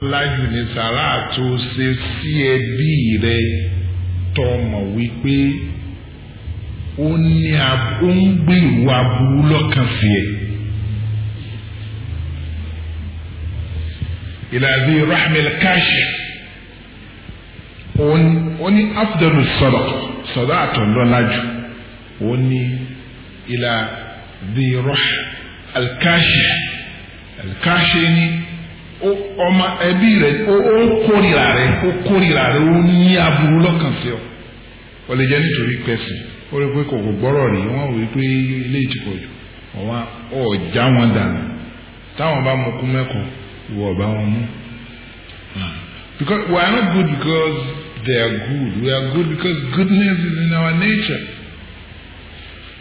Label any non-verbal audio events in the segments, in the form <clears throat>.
lájú ní sàrà tó ṣe sí ẹbí rẹ tọmọ wípé ó ní ó ń gbèrú aburú lọ́kàn sí ẹ. ìlàdí rahmil kashi ó ní afdalu sọdọ sọdọ àtọ̀lọ́lájú ó ní ìlàdí rahmil kashi cash ni ọmọ ẹbí rẹ ó ń kórìíra rẹ ó kórìíra rẹ ó ní aburú lọ́kàn sí ọ ó lè jẹ́ nítorí pẹ̀sì ó rí pé kò kò gbọ́rọ̀ rí wọ́n wí pé ilé ìtìpọ̀ jù ọ̀wọ́n ọ̀já wọn dànù táwọn bá mú kú mẹ́kọ̀ọ́ ìwọ bá wọn mú. Hmm. because we are not good because they are good we are good because goodness is in our nature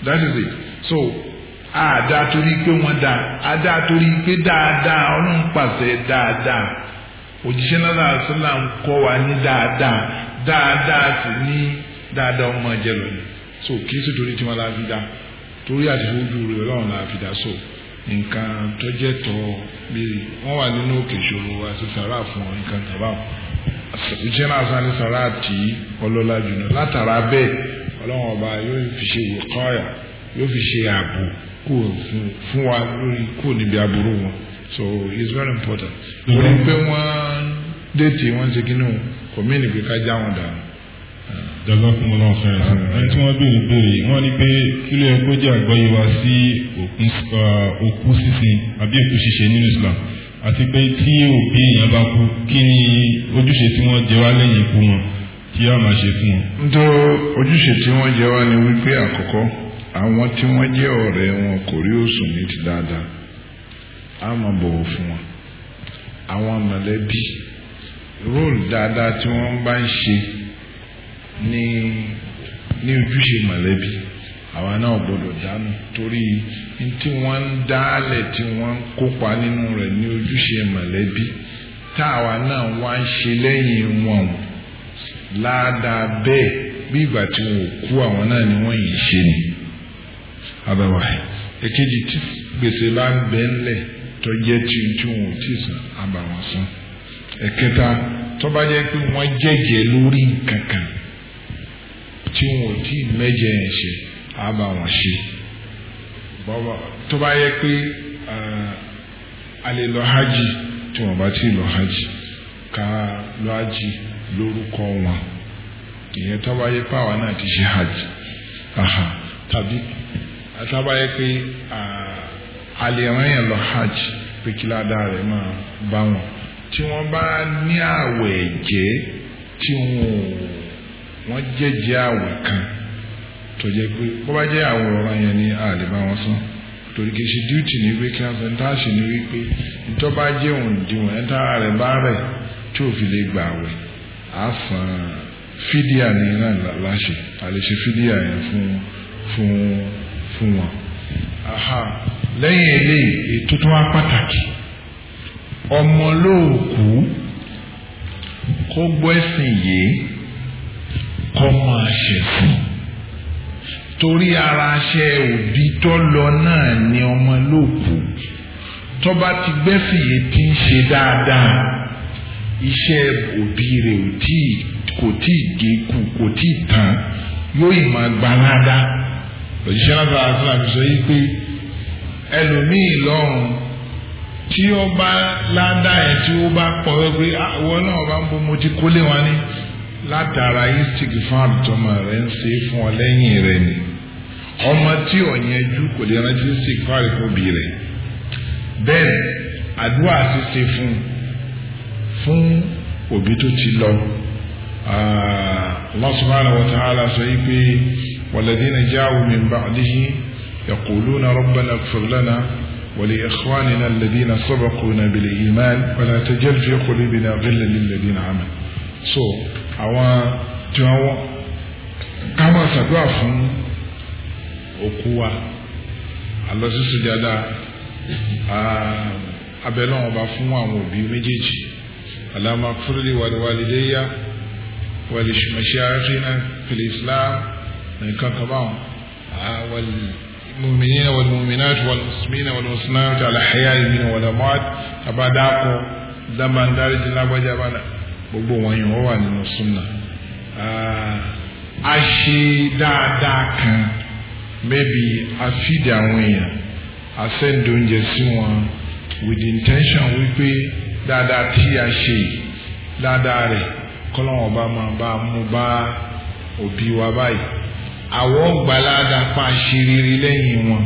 that is it so àdá torí pé wọ́n dá àdá torí pé dáadáa ọlọ́run pàṣẹ dáadáa òjíṣẹ́ náà sọ́là ń kọ́ wa ní dáadáa dáadáa sì ní dáadáa ọmọ ẹ̀jẹ̀ lónìí so kì í sì torí tí wọ́n la dá torí àti ojú rẹ̀ ọlọ́run la dá so nǹkan tọ́jẹ́ tọ́ léèrè wọ́n wà nínú òkè ìṣòro àti sàrà fún ọ nǹkan kàbá òjíṣẹ́ náà sọ́là ní sàrà àti ọlọ́lá jùlọ látara bẹ́ẹ̀ ọlọ́run ọba yóò fi ṣe wò kọ́ọ̀yà yóò fi ṣe ààbò kúrò fún fún wa lórí kúrò níbi aburú wọn so it's very important. lórí pé wọ́n déètì wọ́n ṣe kínú kọ̀mínì pé ká já wọn dànù. jazakum allah khairan sir ẹni tí wọ́n béèrè béèrè wọ́n ní pé kí ló yẹ kó jẹ́ àgbáyé wa sí òkú sísìn àbí òkú ṣíṣe nínú islam àti pé tí òbí èèyàn bá kú kí ni ojúṣe tí wọ́n jẹ wá lẹ́yìn ikú wọn kí á máa ṣe fún wọn. nítorí ojúṣe tí wọ́n jẹ wá ni wípé àkọ́kọ́ àwọn tí wọ́n jẹ́ ọ̀rẹ́ wọn kò rí òsùn ní ti dáadáa á máa bọ̀wọ̀ fún wọn àwọn mọ̀lẹ́bí róòlù dáadáa tí wọ́n bá ń ṣe ní ní ojúṣe mọ̀lẹ́bí náà dánú torí tí wọ́n ń tí wọ́n kópa nínú rẹ̀ ní ojúṣe mọ̀lẹ́bí náà wá ń ṣe wọn ládàá bẹ́ẹ̀ bí wọn kú àwọn náà ni wọ́n abẹ́wà èkejì tí gbèsè bá ń bẹ́ ńlẹ̀ tó jẹ́ tí tí wọn ò tí san àbàwọ̀n san ẹ̀kẹta tó bá jẹ́ pé wọ́n jẹ̀jẹ̀ lórí nǹkan kan tí wọn ò tí mẹ́jẹ yẹn ṣe àbàwọ̀n ṣe tó bá yẹ pé a lọ hajj tí wọn bá ti lọ hajj ká lọ hajj lórúkọ wọn ìyẹn tó bá pé àwa náà ti ṣe hajj tàbí àtàbà yẹ pé àlèrán yẹn lọ hajj pé kí ládàá rẹ̀ máa bá wọn tí wọ́n bá ní àwẹ̀ ẹ̀jẹ̀ tí wọn wọ́n jẹ́jẹ́ àwẹ̀ kan tó jẹ́ pé bó bá jẹ́ àwẹ̀ ọ̀rọ̀ yẹn ní àlè bá wọn sàn torí kì í ṣe díútì ní wípé kí wọ́n sọ níta ṣì ní wípé nítorí bá jẹ́ ẹ̀ta rẹ̀ bá rẹ̀ tí ò fi lè gbà àwẹ̀ á san fídíà ní náà láṣẹ àlè ṣe fídíà yẹn fún fún fún wọn. lẹ́yìn eléyìí ètò tó wá pàtàkì ọmọ lóòkú kó gbọ́ ẹ̀sìn yìí kó máa ṣẹ̀sìn torí ara ṣe òbí tó lọ náà ni ọmọ lóòkú tó bá ti gbẹ́sìn yìí ti ń ṣe dáadáa iṣẹ́ òbí rẹ̀ kò tí ì dínkù kò tí ì tán yóò ì máa gbalada òjíṣẹ́ lábẹ́ àtúnṣe àti sọ yìí pé ẹlòmíì lọ́rùn tí ó bá ládà ẹ̀ tí ó bá pọ̀ ẹ́ pé àwọn ah, náà bá ń bo mo ti kólé wọn ní látara istik fún àtọmọ rẹ̀ ń ṣe fún ọ lẹ́yìn rẹ̀ ni ọmọ tí ọ̀yẹ́jú kò lè rántí istik fún àríkóbi rẹ̀ bẹ́ẹ̀ àdúrà ti ṣe fún fún òbí tó ti lọ ah, Allah subhanahu wa ta'ala yìí pé. والذين جاءوا من بعده يقولون ربنا اغفر لنا ولإخواننا الذين سبقونا بالإيمان ولا تجل في قلوبنا غلا للذين آمنوا so àwọn tí wọ́n ká máa ṣàdúrà fún òkú wa àlọsísù dáadáa abẹ́lẹ́ wọn bá fún àwọn òbí méjèèjì nǹkan kan báwọn àwọn muminina wal muminat wal muslimina wal muslimat ala hayai minhum wal amwat abadako dábàndárí ti lágbájá bàdà gbogbo wọn yìí wọ́n wà nínú súnà a ṣe dáadáa kan maybe a fìdí àwọn èèyàn a send oúnjẹ sí wọn with the intention wípé dáadáa tí a ṣe dáadáa rẹ̀ kọ́lọ́wọ́n bá máa bá mú bá òbí wa báyìí àwọn gbalada pa àṣírírí lẹ́yìn wọn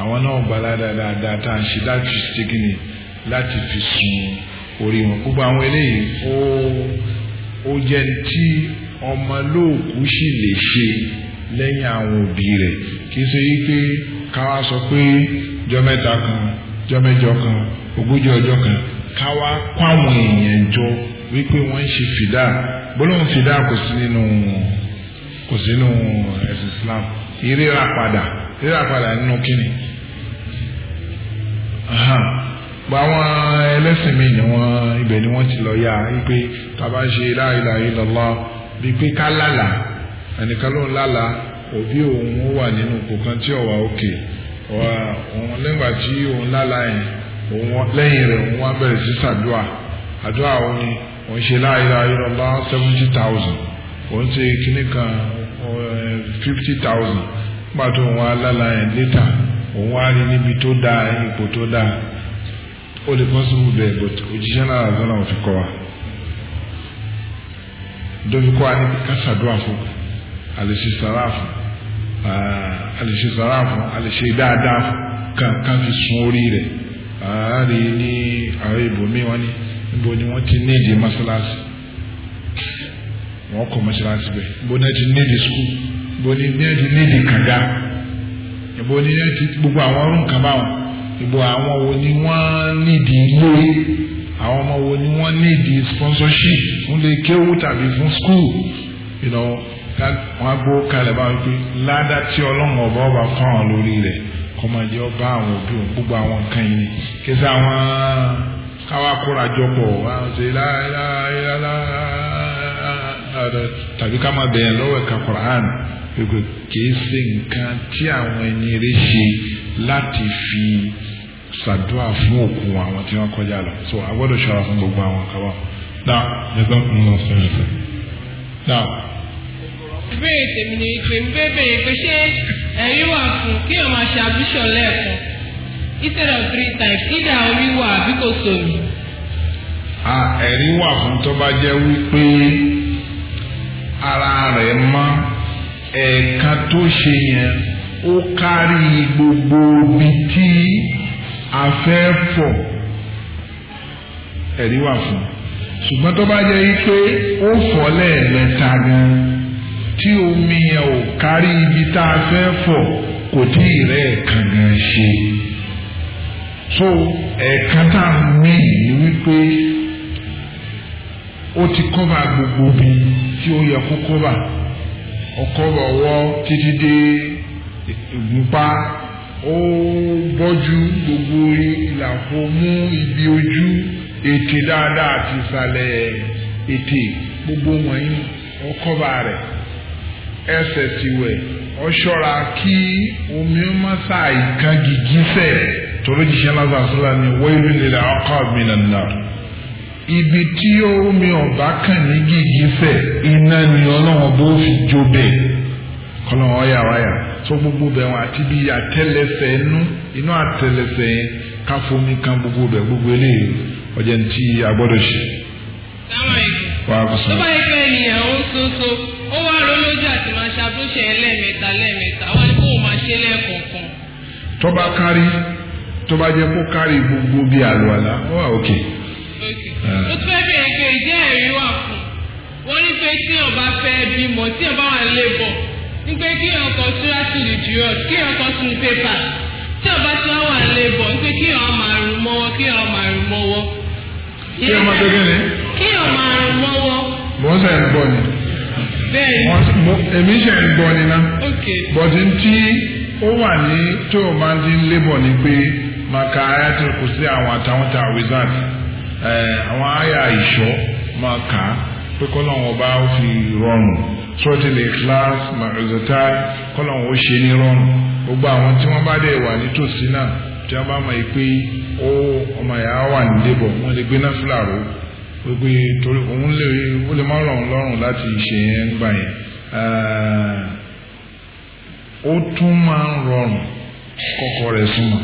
àwọn náà gbalada dáadáa tá à ń ṣe láti ṣe kí ni láti fi sun orí wọn gbogbo àwọn eléyìí ó ó jẹ́ tí ọmọ lóòkú sì lè ṣe lẹ́yìn àwọn òbí rẹ̀ kì í ṣe yí pé káwa sọ pé jọ kan jọ kan ogójì ọjọ́ kan káwa kó àwọn èèyàn jọ wípé wọ́n ń ṣe fìdá gbólóhùn fìdá kò sí nínú wọn kò sínú ẹ̀sìn Islam ìríra padà ìríra padà nínú kíni báwọn ẹlẹ́sìn mi ni wọ́n ibẹ̀ ni wọ́n ti lọ yá ipe tàbá ṣe la ilaha illallah bíi pé ká lálà ẹnìkan ló ń lálà òbí òun ó wà nínú ipò kan tí ọ̀wà òkè òun lẹ́gbàá tí òun lálà yẹn òun lẹ́yìn rẹ̀ òun wá bẹ̀rẹ̀ sí sàdúà àdúà òun ni òun ṣe la ilaha seventy thousand òun ṣe kíní kan fifty thousand òun yẹn òun rí níbi tó dáa ipò tó dáa ó but òjíṣẹ́ náà fi kọ́ wa dóbi kọ́ wa níbi kásàdúrà fún àlèṣe sàrà àlèṣe sàrà àlèṣe dáadáa fún sun orí ni ni wọ́n ti ní wọ́n kọ́ mọ́ṣáláṣí bẹ́ẹ̀ bó náà ti ní di skul bó ní náà ti ní di kànga ìbò ní náà ti gbogbo àwọn ọrùn kan báwọn ìbò àwọn wo ni wọ́n ní di ilé àwọn ọmọ wo ni wọ́n ní di sponsorship fún lè kéwú tàbí fún skul you know wọ́n á gbó kalẹ̀ báwọn pé ládá tí ọlọ́run ọba ọba kọ́ àwọn lórí rẹ̀ kọ́mọdé ọba àwọn òbí òun gbogbo àwọn nǹkan yìí kí àwọn káwá kóra jọ pọ̀ wọ́n á ṣe láéláé sáré tàbí ká máa bẹ̀yẹn lọ́wọ́ ẹ̀ka Quran gbogbo kìí ṣe nǹkan tí àwọn ẹni rẹ̀ ṣe láti fi ṣàdúrà fún òkú àwọn tí wọ́n kọjá lọ so a gbọ́dọ̀ ṣọ́ra fún gbogbo àwọn kaba. náà ẹgbẹ́ kún lọ sọ̀rọ̀ sọ̀rọ̀ náà. ìbéèrè tèmi ni pé ń bèbèrè pé ṣé ẹ̀rí wà fún kí o máa ṣe abíṣọ lẹ́ẹ̀kan instead of three times ìdá orí wà àbí kò sómi. Ah, ẹ̀rí wà fún tó bá jẹ́ wípé ara rẹ̀ mọ́ ẹ̀ka tó ṣe yẹn ó kárí gbogbo ibi tí a fẹ́ fọ̀ ẹ̀rí wà fún ṣùgbọ́n tó bá jẹ́ pé ó fọ̀ lẹ́ẹ̀mẹ́ta gan tí omi yẹn ò kárí ibi tá a fẹ́ fọ̀ kò tí ì rẹ̀ ẹ̀kan gan ṣe so ẹ̀ẹ̀kan tá a mí ni wípé ó ti kọ́ba gbogbo bíi tí ó yẹ kókó bà ọkọ bọ̀wọ́ títí dé ìgúnpá ó bọ́jú gbogbo orí mú ibi ojú ètè dáadáa àti ìsàlẹ̀ ètè gbogbo wọ̀nyí ọkọ bà rẹ̀ ẹsẹ̀ sì wẹ̀ ọ ṣọ́ra kí omi mọ́sá ìkan gìgísẹ̀ tọ́lójìṣẹ́ lásán sílá ni wọ́n ìlú nílẹ̀ ọkọ̀ mi nàá. ibi tí omi ọ̀bá kàn ní gígí fẹ̀ iná ni ọlọ́run bó fi jó bẹ́ẹ̀ ọ̀yà tó gbogbo bẹ̀ àti bí àtẹlẹsẹ̀ inú inú àtẹlẹsẹ̀ yẹn ká gbogbo bẹ̀ gbogbo eléyìí ọjà ní ti agbọ́dọ̀ ṣe. bá yẹ ó soso ó wá àti máa ṣàtúnṣe ẹlẹ́mẹ̀ta lẹ́mẹ̀ta wá ní pé tí èèyàn bá fẹ́ bímọ tí ọba wà lébọ̀ ní pé kí ọkọ̀ kọ sóràtù kí ọkọ̀ kọ pépà tí ọba tí ti wà lébọ̀ ní pé kí ọ máa rùn mọ́wọ́ kí ọ máa rùn mọ́wọ́. kí èèyàn máa kí máa mọ́wọ́. mò ń ni. èmi ok. tí ó wà ní tó o máa ti ń lébọ̀ ni pé màkà àwọn àtàwọn eh, àwọn àyà pé kọ́lọ́hún ọba ó fi rọrùn sọ́tìlẹ̀ class màrìzọ́tà kọ́lọ́hún ó ṣe ní rọrùn gbogbo àwọn tí wọ́n bá dẹ̀ wà nítòsí náà tí wọ́n bá mọ̀ yìí pé ó ọmọ ìyá wà nílé bọ̀ wọ́n lè gbé náà fúlàró pé torí òun lè ó lè má rọrùn lọ́rùn láti ṣe yẹn gbà yẹn ó tún máa ń rọrùn kọ́kọ́ rẹ̀ súnmọ́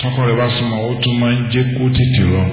tọ́kọ rẹ̀ bá súnmọ́ ó tún máa ń jẹ́ kó tètè rọrùn.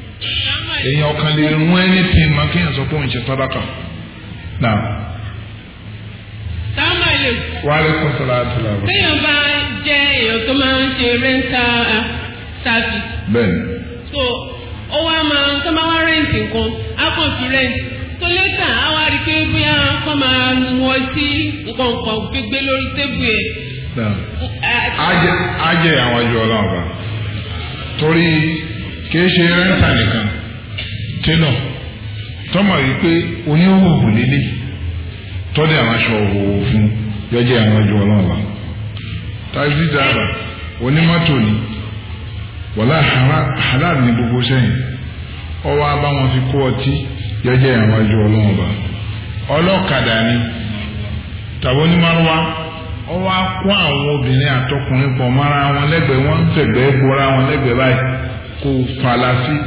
èyàn ọ̀kan iri rún anything maka kéèyàn sọ pé òun ṣe Na. náà. sáàmà lè. wà á bá jẹ́ èèyàn tó máa ń ṣe rental uh, service. bẹ́ẹ̀ni. so ó wá máa tó máa wá rent nǹkan á kàn rent tó lẹ́tà á wá rí pé bóyá kọ́ máa nǹkan gbégbé lórí télọ̀ tọ́mọ̀ yìí pé onye líle tọ́dẹ̀ àwọn aṣọ òhòhò fún yọjẹ́ àwọn ẹjọ́ ọlọ́ọ̀la taxi driver onímọ́tò ni wọ́lá halal ní gbogbo sẹ́yìn ọwọ́ abá wọn fi kó ọtí yọjẹ́ àwọn ọlọ́ọ̀la ọlọ́kadà ni tàbí onímọ̀lúwa ọwọ́ akó àwọn obìnrin àtọkùnrin pọ̀ mọ́ra wọn lẹ́gbẹ̀ẹ́ wọn ń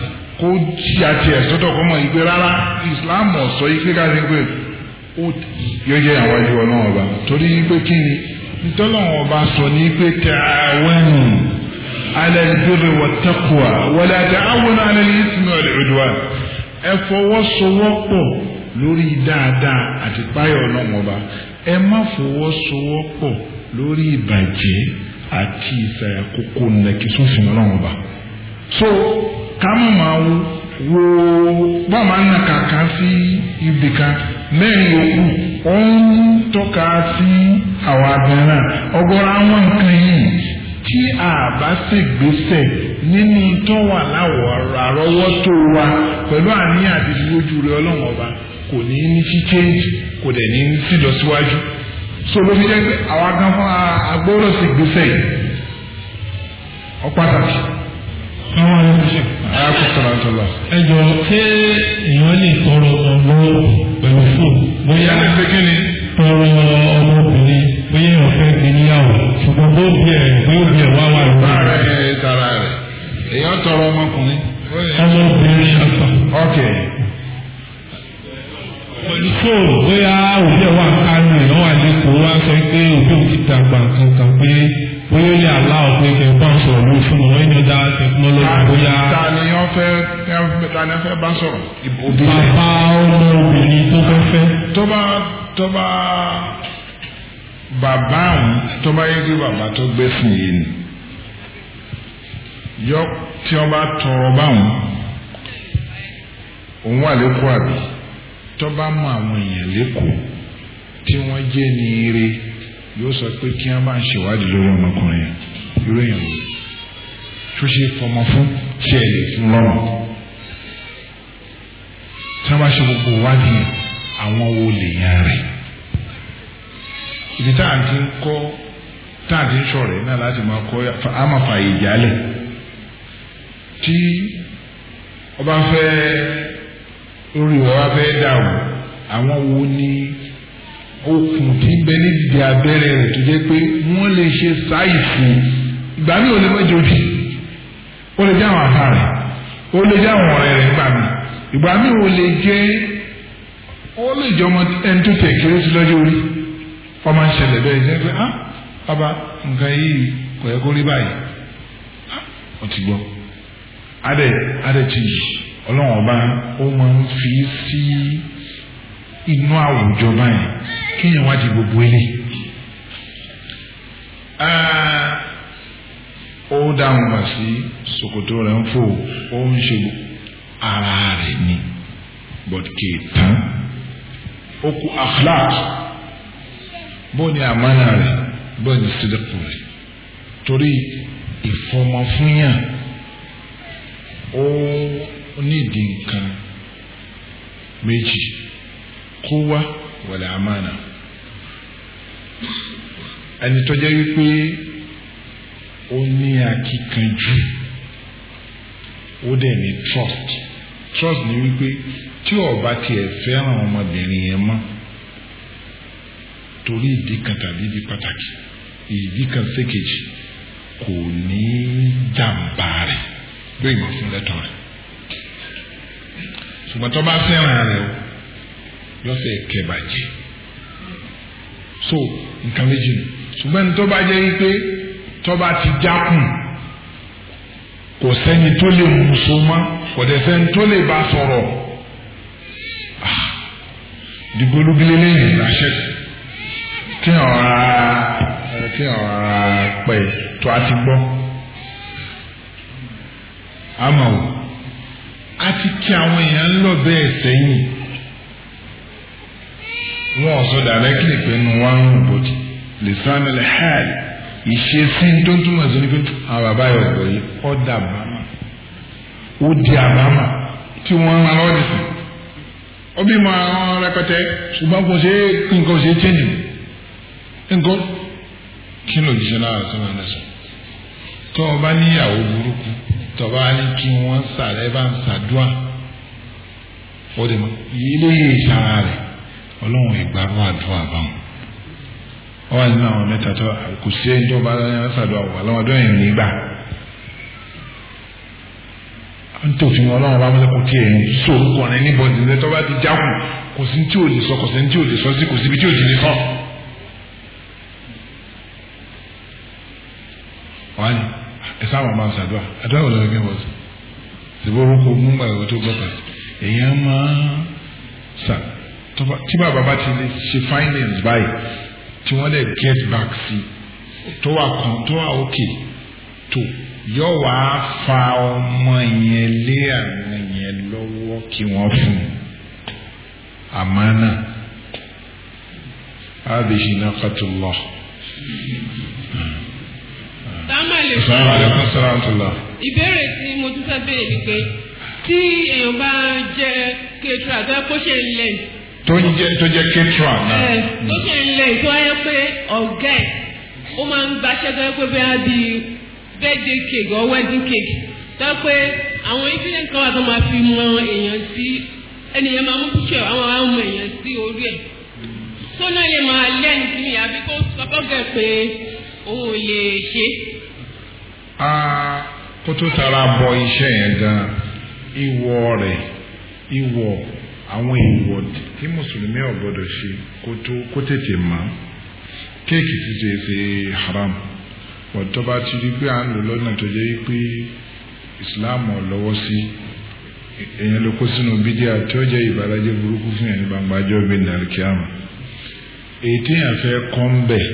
kó tí a tiẹ̀ sọ́tọ̀ kọ́ mọ̀ ìgbé rárá islam ọ̀sọ́ yìí kíkà sí pé ó yọ jẹ́ àwọn ẹ̀jẹ̀ ọ̀nà ọba torí pé kí ni ntọ́lọ́wọ́n ọba sọ ní pé ta'awanu ala al-birri wat-taqwa wala ta'awanu ala al-ithmi wal ẹ fọwọ́sowọ́pọ̀ lórí dáadáa àti páyọ̀ ọlọ́wọ́n ọba ẹ má fọwọ́sowọ́pọ̀ lórí ìbàjẹ́ àti ìsàyàkókò nàkísọ́fin ọlọ́wọ́n ọba. so ka mọ̀ wụ wo wo bọ́ọ̀ si ibika nà kàkà sí ibì kan mẹ́rin yòókù ó ń tọ́ka tí a bá ṣègbésẹ̀ nínú tó wà láwọ̀ wa pẹ̀lú àníyàn àti rẹ ọlọ́run ọba kò ní ní ṣíkéèjì kò dẹ̀ ní so ló fi jẹ́ pé àwa gan fún àwọn ẹlẹ́sìn. ẹ jọ ṣé èèyàn lè tọrọ ọmọ pẹ̀lú fóònù. bóyá ẹ ṣe kí ni. tọrọ ọmọbìnrin bóyá èèyàn fẹ́ gbé níyàwó ṣùgbọ́n bó bí ẹ̀ bó bí ẹ̀ wá wà lọ́wọ́. ara rẹ̀ tara rẹ̀ èèyàn tọrọ ọmọkùnrin. ọmọbìnrin àgbà. ok. pẹ̀lú fóònù bóyá òbí ẹ̀ wà kánú èèyàn wà lẹ́kọ̀ọ́ wá sọ pé òbí òkúta gbàǹkan kan pé bóyá ó lè aláwọ̀ pé kẹ́ bá ń sọ̀rọ̀ lórí fún wọn ní ọjà tẹkinọ́lọ́jì bóyá. ta ni wọ́n fẹ́ ta ni wọ́n fẹ́ bá sọ̀rọ̀. bàbá ọmọbìnrin tó fẹ́ fẹ́. tó bá tó bá bàbá àwọn tó bá yẹ kí bàbá tó gbé fún yìí ni yọ tí wọ́n bá tọrọ báwọn òun wà lẹ́kọ̀ọ́ àbí tó bá mọ àwọn èèyàn lẹ́kọ̀ọ́ tí wọ́n jẹ́ ní ire yóò sọ pé kí wọ́n máa ń ṣèwádìí lórí ọmọkùnrin yẹn irú èèyàn lórí tó ṣe fọmọ fún tí ẹ lè fún lọ́rùn tí wọ́n bá ṣe gbogbo ìwádìí àwọn wo lè yan rẹ̀ ibi tá à ń ti ń kọ́ tá à ń ti ń ṣọ̀rẹ́ náà láti máa kọ́ àmọ́ fààyè tí ọba fẹ́ orí wa fẹ́ dà o àwọn wo ni okùn tí ń bẹ nídìí abẹ́rẹ́ rẹ̀ tó jẹ́ pé wọ́n lè ṣe sáì fún ìgbà mi ò lè mọ́jọ bí ó lè jẹ́ àwọn àtà rẹ̀ ó lè jẹ́ àwọn ọ̀rẹ́ rẹ̀ gbà mí ìgbà mi ò lè jẹ́ ó lè jẹ́ ọmọ ẹni tó tẹ̀ kéré sí lọ́jọ́ orí ọmọ ń ṣẹlẹ̀ bẹ́ẹ̀ jẹ́ pé ah bàbá nǹkan yìí kò yẹ kó rí báyìí ah ó ti gbọ́ adẹ adẹ ti yìí ọlọ́run ọba ó máa ń fi sí inú àwùjọ báyìí kéèyàn wá di gbogbo ilé ah, ó dáhùn wá sí ṣòkòtò rẹ̀ ń fò ó ń ṣe ara rẹ̀ ni but kì í tán ó kú akhlaq bó ni àmánà rẹ̀ bó ni sídìkù rẹ̀ torí ìfọmọfúnyàn ó nídìí nǹkan méjì kó wá wọlé amánà ẹni tó jẹ́ wípé ó ní akíkanjú ó dẹ̀ ní trust trust ni wípé tí ó bá tiẹ̀ fẹ́ràn ọmọbìnrin yẹn mọ́ torí ìdí kan tàbí ìdí pàtàkì ìdí kan sékejì kò ní jàǹbá rẹ̀ lóyún fún lẹ́tọ̀ rẹ̀ ṣùgbọ́n tó bá fẹ́ràn rẹ̀ o yọ̀sẹ̀ kẹbàjẹ́ so nǹkan méjì nù ṣùgbọ́n tó bá jẹ́ wípé tó bá ti jákùn kò sẹ́ni tó lè mú so mọ́ kò dẹ̀ sẹ́ni tó lè bá sọ̀rọ̀ ah, dìbò olúgbélé lẹ́yìn ìránṣẹ́ kí ọ̀rá kí ọ̀rá pẹ̀ tó a ti gbọ́ àmọ́ a ti kí àwọn èèyàn lọ bẹ́ẹ̀ sẹ́yìn wọn sọ directly pé nu wọn ń bòdì lisan al-hal ìṣesí tó túmọ̀ sí ni pé àwọn bàbá yóò gbọ́ yìí ó dà bàmà ó di àbámà tí wọ́n ń lọ́ọ́ dìsìn ó bí mọ àwọn rẹpẹtẹ ṣùgbọ́n kò ṣe nǹkan ṣe change nǹkan kí ló jíṣẹ́ náà sọ́nà náà sọ tó o bá níyàwó burúkú tó o bá ní kí wọ́n sàrẹ́ bá ń sàdúà ó dì mọ́ ilé ìṣàrà rẹ̀ ọlọ́run ìgbàrú àdúrà báwọn ọ wà nínú àwọn mẹ́ta tó kò sí ẹni tó bá lọ́yìn ṣàdúrà wà lọ́wọ́ ọdún ẹ̀yìn nígbà ntòfin ọlọ́run bá mọ́tò kò tí ẹ̀ sọ orúkọ rẹ níbọn ìdílé tó bá ti jákù kò sí tí ò lè sọ kò sí tí ò lè sọ sí kò síbi tí ò ti lè sọ. wàá ní ẹ sábà máa ṣàdúrà àdúrà ò lọ́wọ́ gẹ́gẹ́ bọ́ sí. ṣùgbọ́n orúkọ ogun tí bàbá bá ti lè ṣe findings báyìí tí wọ́n lè get back sí tó wà kan tó wà òkè tó yọ wá fa ọmọ yẹn lé àwọn yẹn lọ́wọ́ kí wọ́n fún un àmánà àbíyí nàkàtúlọ̀. ìbéèrè tí mo tún fẹ́ bẹ́ẹ̀ ni pé tí èèyàn bá jẹ́ kí ètò àgbẹ̀ kó ṣe lẹ́yìn tó ń jẹ́ tó jẹ́ ketra náà. ẹ tó ṣe ń lè tó ayẹ pé ọ̀gá ẹ̀ ó máa ń gbaṣẹ́ tó yẹ pé bí a di birthday cake or wedding cake tó yẹ pé àwọn incident kan wà tó máa fi mọ èèyàn sí ènìyàn máa mú picture àwọn àwọn ọmọ èèyàn sí orí ẹ̀ tó náà lè máa lẹ́yìn sí mi àbí kó sọ́kọ́ gẹ̀ pé òun ò lè ṣe. kó tó tara bọ iṣẹ́ yẹn gan-an ìwọ rẹ̀ ìwọ àwọn èèwọ̀ tí mùsùlùmí ò gbọ́dọ̀ ṣe kó tètè mọ́ kéèkì títí ṣe haram but tó bá ti rí pé à ń lò lọ́nà tó jẹ́ pé islam ò lọ́wọ́ sí èèyàn ló kó sínú bídíà tí ó jẹ́ ìbàlájẹ́ burúkú fún yẹn ní gbangba ọjọ́ bíi nàìjíríà èyí tí èèyàn fẹ́ kọ́ ń bẹ̀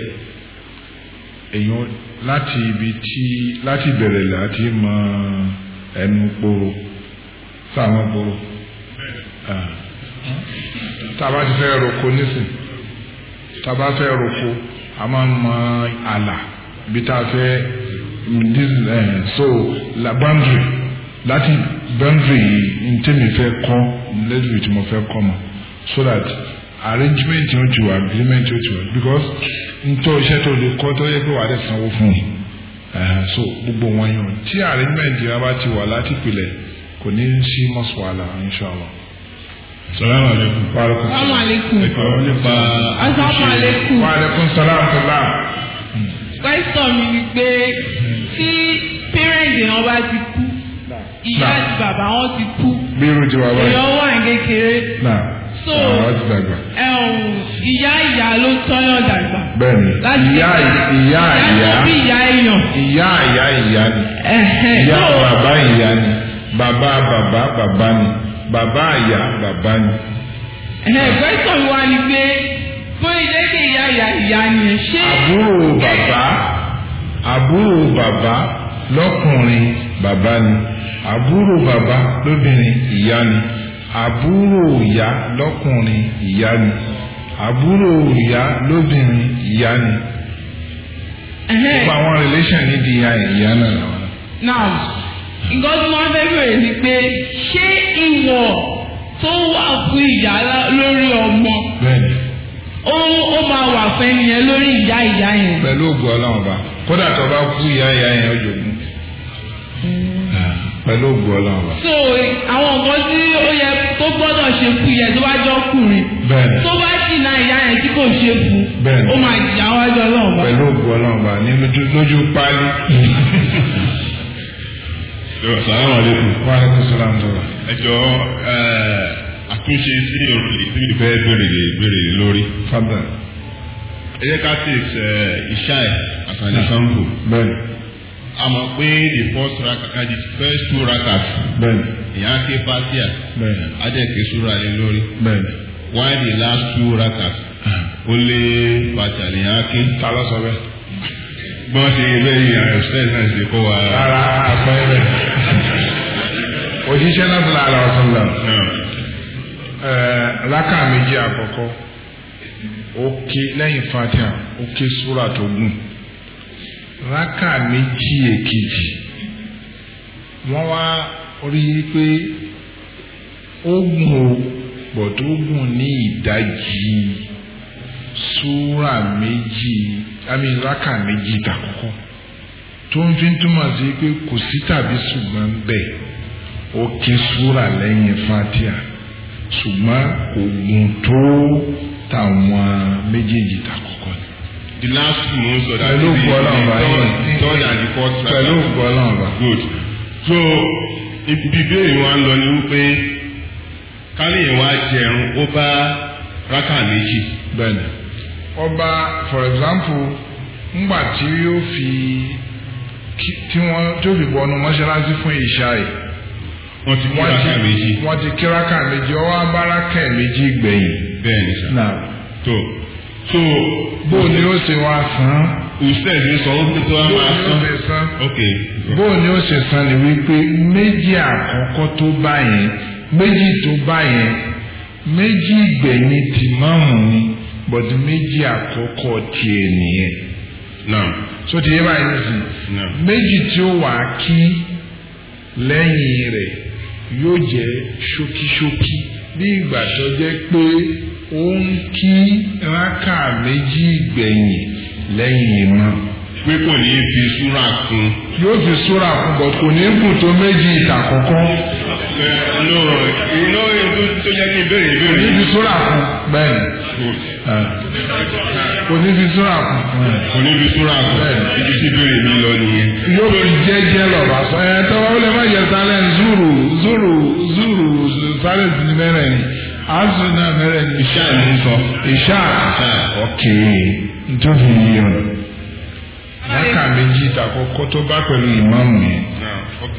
èèyàn láti ibi tí láti bẹ̀rẹ̀ láti mọ ẹnu poro sáwọn poro. Ah. tàbá ti fẹ́ roko nísìn tàbá fẹ́ roko a máa ń mọ àlà bí tá a fẹ́ eh, so la boundary láti boundary yìí n tẹ́mi fẹ́ kọ́ lẹ́dùn tí mo fẹ́ kọ́ mọ́ so that arrangement yóò ti wà agreement yóò ti wà because n tó iṣẹ́ tó lè kọ́ tó yẹ pé wà á dẹ̀ sanwó fún yìí eh, so gbogbo wọn yàn tí arrangement yìí wá bá ti wà láti pilẹ̀ kò ní í sí mọ́sùwàlà inshallah salamu aleykum waaleykum salamu aleykum ìkọ̀rọ̀ nípa asalaamu aleykum waaleykum salaam tula. question mi ni pé tí parents èèyàn bá ti kú ìyá àti bàbá wọn ti kú èèyàn wà ní kékeré so ìyá ìyá ló tọ́yàn dàgbà. bẹ́ẹ̀ni ìyá ìyá ìyá ìyá èèyàn. ìyá ìyá ìyá ni ìyá bàbá ìyá ni bàbá bàbá bàbá ni bàbá àyà bàbá ni. ẹ pẹ́sọ̀ wa ni pé fún ilé tí ìyá ìyá ìyá ni ṣé. àbúrò bàbá àbúrò bàbá lọ́kùnrin bàbá ni àbúrò bàbá lóbìnrin ìyá ni àbúrò ìyá lọ́kùnrin ìyá ni àbúrò ìyá lóbìnrin ìyá ni. gbogbo àwọn relation nídìí ìyá ìyá náà làwọn. náà nǹkan tí wọ́n fẹ́ bẹ̀rẹ̀ ni pé ṣé ìwọ̀ tó wà fún ìyá lórí ọmọ ó ó máa wà fún ẹni yẹn lórí ìyá ìyá yẹn. pẹ̀lú ògùn ọlọ́run bá kódà tó bá kú ìyá ìyá yẹn ó jogún hmm. ah, pẹ̀lú ògùn ọlọ́run bá. so àwọn nǹkan tí ó yẹ tó gbọ́dọ̀ ṣe kú yẹn tó bá jọ kùnrin tó bá jìnnà ìyá yẹn tí kò ṣe kú ó máa jìyà wájú ọlọ́run bá. pẹ̀lú ògùn ọlọ́run bá ní lójú páálí. <laughs> Assalamu alaikum. Wa alaikum salaam lọ́wọ́. Ẹ jọ àtúnṣe sí òrùlé tí mi fẹ́ béèrè béèrè lórí. Fábà. Ẹ jẹ́ ká tẹ̀ ìṣá ẹ̀ àtàlẹ́ sáńpù. Bẹ́ẹ̀ni. A mọ̀ pé the first raka the first two rakat. Bẹ́ẹ̀ni. Ìyá ké Fatiha. Bẹ́ẹ̀ni. Adéke Súra lé lórí. Bẹ́ẹ̀ni. Why the last two rakat? Ah. Ó lé Fatiha lè yá ké. Ta ló sọ bẹ́ẹ̀? bọ́n ṣe lẹ́yìn àyọ̀ sẹ́yìn náà ṣe kó a. rárá àpẹẹrẹ òjíṣẹ́ ọ̀sán méjì àkọ́kọ́ ó lẹ́yìn fatia ó ké súrà tó gùn rákà méjì èkejì wọ́n wá rí i pé ó gùn pọ̀ ní ìdajì súrà méjì. àmì rákà méjì ìtàkùkọ́ tó ń fi túmọ̀ sí pé kò sí tàbí ṣùgbọ́n bẹ́ẹ̀ ó ké súrà lẹ́yìn fatia ṣùgbọ́n oògùn tó tàwọn méjèèjì ìtàkùkọ́ ni. the last month of that year the third and the fourth saga pẹ̀lú gbọ́lá ọ̀bà. good so ìbéèrè wa ń lọ ni wípé káríyẹ̀wá jẹun ó bá rákà méjì. bẹ́ẹ̀ ni ọba for example ngbà tí yóò fi tí wọ́n tó fi bọnu mọ́ṣáláṣí fún ìṣá yìí wọ́n ti kíráka méjì wọ́n ti kíráka méjì ọwọ́ abáraka méjì gbẹ̀yìn. bẹ́ẹ̀ni sá tó so bó ni ó ṣe wá san. ìṣe ìṣe sọ ó ti tó wá máa san. bó ni ó ṣe san. ok. bó ni ó ṣe san ni wípé méjì àkọ́kọ́ tó bá yẹn méjì tó bá yẹn méjì gbẹ̀yìn tìmáàmù ni but méjì àkọ́kọ́ tiẹ̀ nìyẹn. náà so ti yé báyìí nìsín. náà méjì tí ó wà kí lẹ́yìn rẹ̀ yóò jẹ́ ṣókíṣókí bí ìgbà tó jẹ́ pé ó ń kí rákà méjì gbẹ̀yìn lẹ́yìn mọ́. pé kò ní fi súrà kún. yóò fi súrà kún bọ̀ kò ní kù tó méjì ìtàkùnkùn. ẹ ẹ ló rọ iná ètò tó yẹ kí n béèrè ìbéèrè. kò ní fi súrà kún bẹ́ẹ̀ kò ní fi súra kù. kò ní fi ibi tí bèrè mi lọ nìyẹn. yóò lọ sọ ẹ tọ́wọ́ má jẹ sálẹ̀ zuru zuru zuru sálẹ̀ mẹ́rẹ̀ ni azu mẹ́rẹ̀ ni. ìṣá ni n sọ. ìṣá ok tó bá pẹ̀lú ìmáàmù yẹn. Ah,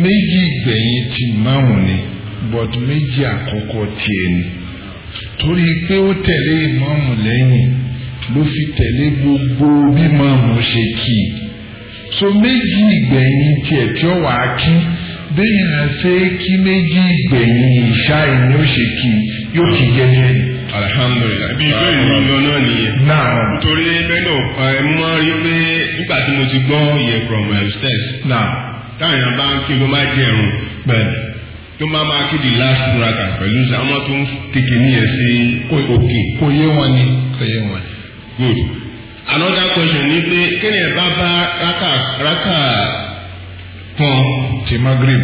méjì gbẹ̀yìn ti máàmù ni but méjì àkọ́kọ́ tiẹ̀ ni. torí pé ó tẹ̀lé ìmáàmù lẹ́yìn ló fi tẹ̀lé gbogbo bí ìmáàmù ṣe kì í so méjì ìgbẹ̀yìn tiẹ̀ tí ó wà á kí bẹ́yìn náà ṣe kí méjì ìgbẹ̀yìn ìṣá ìní ó ṣe kì í yóò kì í gẹ́gẹ́ ni. alhamdulilayi bí ìbéèrè mi lọ náà nìyẹn. náà nítorí bẹ́ẹ̀ náà ẹ mú wá rí pé nígbà tí mo ti gbọ́ yẹ from upstairs. Um, táwọn èèyàn bá ń kí ló má jẹun. bẹ́ẹ̀ tó máa máa kí di last raka pẹ̀lú sáwọn tó ń kéke ní ẹ̀ sí òkè. kò yé wọn ni kò yé wọn. good another question ni pé kí ni ẹ bá bá raka raka kan. ti magrib.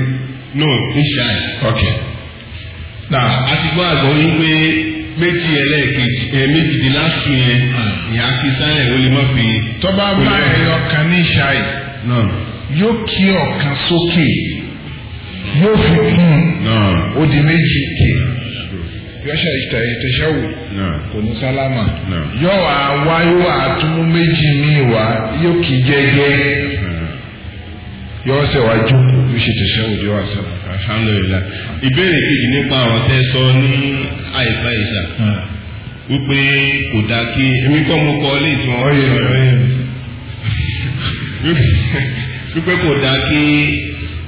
no ishai. okay. na a ti gbọ́ àgbọ̀ yín pé méjì ẹlẹ́ẹ̀kejì ẹ méjì di last yẹn ni a kí sálẹ̀ ó lè má fi. tọ́ba bá ẹyọ kan ní ishai. yóò kí ọ̀kan sókè yóò fi kún ó di méjì kì yọ́ṣà ìtẹ̀ṣẹ́wò kò ní sálámà yóò wá wá yóò wá túnú méjì míì wá yóò kì í jẹ́jẹ́ yóò ṣe wá jókòó yóò ṣe tẹ̀ṣẹ́wò yóò wá sálámà. alhamdulilayi ìbéèrè kejì nípa àwọn tẹ́ sọ ní àìsàn ìṣà wípé kò dáa kí èmi kọ́ mo kọ́ ilé ìtumọ̀ wípé kò dáa kí